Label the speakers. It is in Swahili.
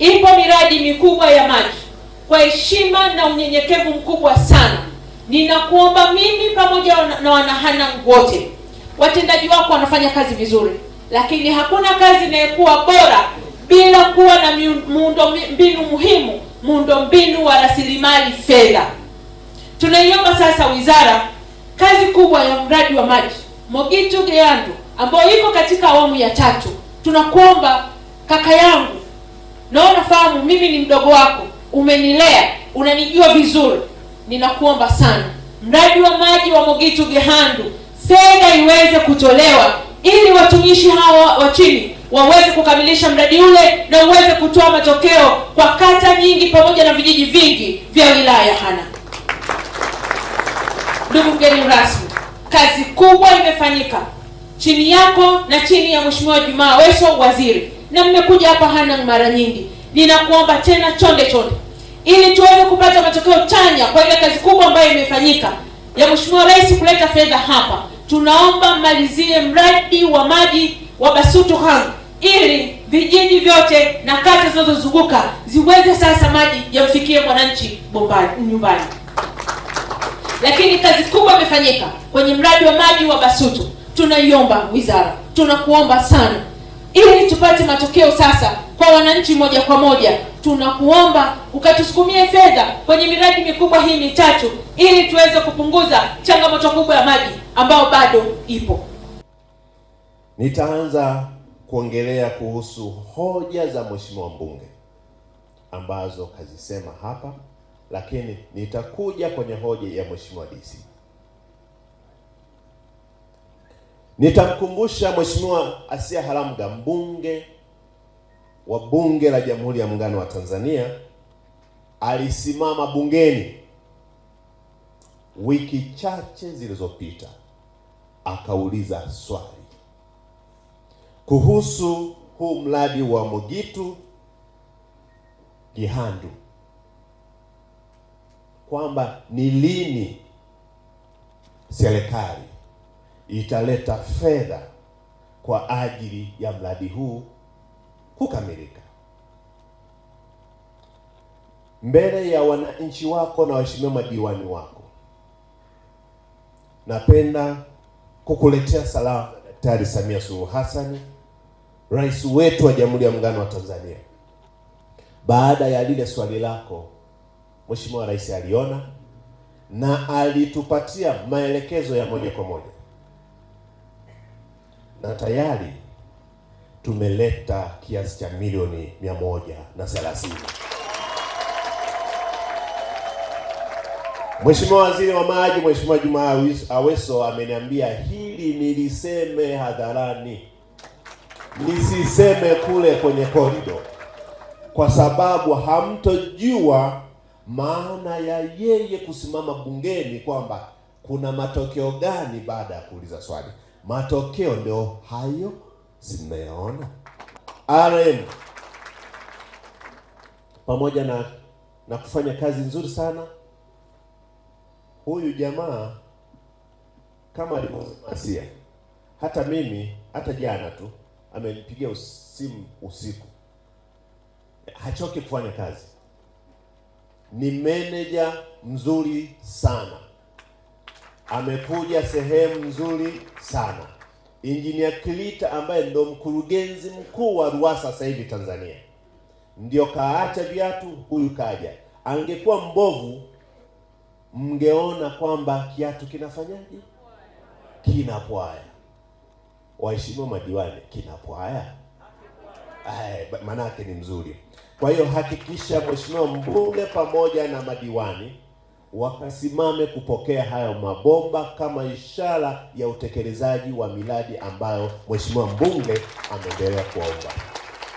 Speaker 1: Ipo miradi mikubwa ya maji. Kwa heshima na unyenyekevu mkubwa sana, ninakuomba mimi pamoja na wanahanang' wote, watendaji wako wanafanya kazi vizuri, lakini hakuna kazi inayokuwa bora bila kuwa na mbinu muhimu, muundombinu wa rasilimali fedha. Tunaiomba sasa wizara, kazi kubwa ya mradi wa maji Mogitu Geandu ambayo iko katika awamu ya tatu, tunakuomba kaka yangu na unafahamu mimi ni mdogo wako, umenilea, unanijua vizuri. Ninakuomba sana, mradi wa maji wa Mogitu Gehandu fedha iweze kutolewa ili watumishi hawa wa chini waweze kukamilisha mradi ule na uweze kutoa matokeo kwa kata nyingi pamoja na vijiji vingi vya wilaya ya Hana. Ndugu mgeni rasmi, kazi kubwa imefanyika chini yako na chini ya mweshimiwa Jumaa weso waziri na mmekuja hapa Hanang mara nyingi, ninakuomba tena chonde chonde, ili tuweze kupata matokeo chanya kwa ile kazi kubwa ambayo imefanyika ya Mheshimiwa Rais kuleta fedha hapa. Tunaomba malizie mradi wa maji wa Basutu Hang ili vijiji vyote na kata zinazozunguka ziweze sasa maji yamfikie mwananchi bombani nyumbani. Lakini kazi kubwa imefanyika kwenye mradi wa maji wa Basutu, tunaiomba wizara, tunakuomba sana ili tupate matokeo sasa kwa wananchi moja kwa moja, tunakuomba ukatusukumie fedha kwenye miradi mikubwa hii mitatu ili tuweze kupunguza changamoto kubwa ya maji ambayo bado ipo.
Speaker 2: Nitaanza kuongelea kuhusu hoja za mheshimiwa mbunge ambazo kazisema hapa, lakini nitakuja kwenye hoja ya mheshimiwa DC. Nitamkumbusha Mheshimiwa Asia Haramga, mbunge wa Bunge la Jamhuri ya Muungano wa Tanzania, alisimama bungeni wiki chache zilizopita akauliza swali kuhusu huu mradi wa Mogitu gihandu kwamba ni lini serikali italeta fedha kwa ajili ya mradi huu kukamilika mbele ya wananchi wako na waheshimiwa madiwani wako. Napenda kukuletea salamu za Daktari Samia Suluhu Hassan, rais wetu wa Jamhuri ya Muungano wa Tanzania. Baada ya lile swali lako, Mheshimiwa Rais aliona na alitupatia maelekezo ya moja kwa moja na tayari tumeleta kiasi cha milioni mia moja na thelathini. Mheshimiwa Waziri wa Maji, Mheshimiwa Juma Aweso ameniambia hili niliseme hadharani, nisiseme kule kwenye korido, kwa sababu hamtojua maana ya yeye kusimama bungeni kwamba kuna matokeo gani baada ya kuuliza swali. Matokeo ndio hayo zimeona Amen. pamoja na na kufanya kazi nzuri sana. Huyu jamaa kama alivyomasia, hata mimi hata jana tu amenipigia simu usiku, hachoki kufanya kazi, ni meneja mzuri sana amekuja sehemu nzuri sana. Injinia Kilita ambaye ndo mkurugenzi mkuu wa ruasa sasa hivi Tanzania, ndio kaacha viatu, huyu kaja. Angekuwa mbovu, mngeona kwamba kiatu kinafanyaje, kinapwaya. Waheshimiwa madiwani, kinapwaya maanaake ni mzuri. Kwa hiyo hakikisha mheshimiwa mbunge pamoja na madiwani wakasimame kupokea hayo mabomba kama ishara ya utekelezaji wa miradi ambayo Mheshimiwa mbunge ameendelea kuomba.